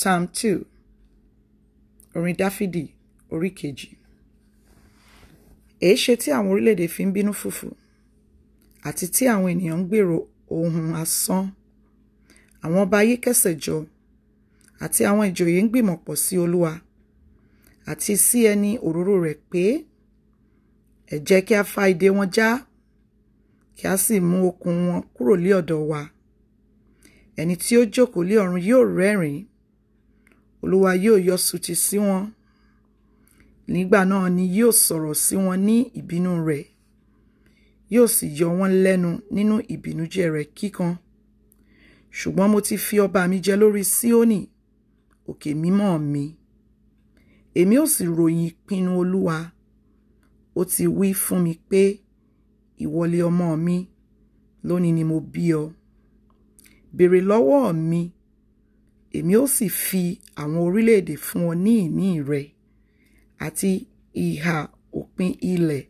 psalm two orin dáfídì orí kejì èéṣe tí àwọn orílẹ̀-èdè fi ń bínú fùfù àti tí àwọn ènìyàn ń gbèrò ohun asán àwọn ọba ayé kẹsẹ̀ jọ àti àwọn ìjòyè ń gbìmọ̀pọ̀ sí olúwa àti sí ẹni òróró rẹ̀ pé ẹ jẹ́ kí a fa ìdè wọn já kí a sì mú okùn wọn kúrò lé ọ̀dọ̀ wa ẹni tí ó jókòó lé ọ̀run yóò rẹ́rìn-ín olúwa yóò yọ sùtì sí wọn nígbà náà ni yóò sọ̀rọ̀ sí wọn ní ìbínú rẹ̀ yóò sì yọ wọ́n lẹ́nu nínú ìbìnújẹ́ rẹ̀ kíkan ṣùgbọ́n mo ti fi ọba mi jẹ lórí Síónì òkè mímọ́ mi èmi ò sì ròyìn ìpinnu olúwa ó ti wí fún mi pé ìwọlé ọmọ mi lónìí ni mo bí ọ béèrè lọ́wọ́ mi èmi ó sì fi àwọn orílẹ̀-èdè fún ọ ní ìní rẹ àti ìhà òpin ilẹ̀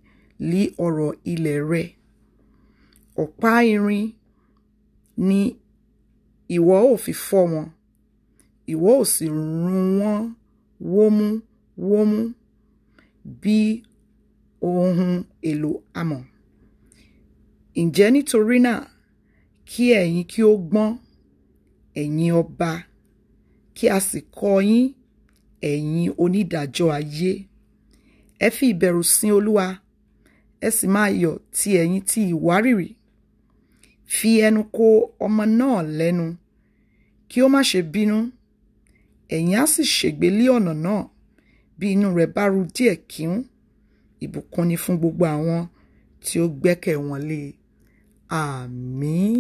lí ọrọ̀ ilẹ̀ rẹ ọ̀pá irin ni ìwọ ó fi fọ́ wọn ìwọ ó sì rún wọn wómú wómú bí ohun èlò amọ̀ ǹjẹ́ nítorí náà kí ẹ̀yin kí ó gbọ́n ẹ̀yin ọba kí a sì kọ́ yín ẹ̀yin onídàájọ́ ayé ẹ fi ìbẹ̀rù sin olúwa ẹ sì máa yọ̀ ti ẹ̀yin ti ìwárìrì fi ẹnu kò ọmọ náà lẹ́nu kí ó má ṣe bínú ẹ̀yin á sì ṣègbè lé ọ̀nà náà bí inú rẹ̀ bá ru díẹ̀ kíún ìbùkún ni fún gbogbo àwọn tí ó gbẹ́kẹ̀ wọn lé àmín.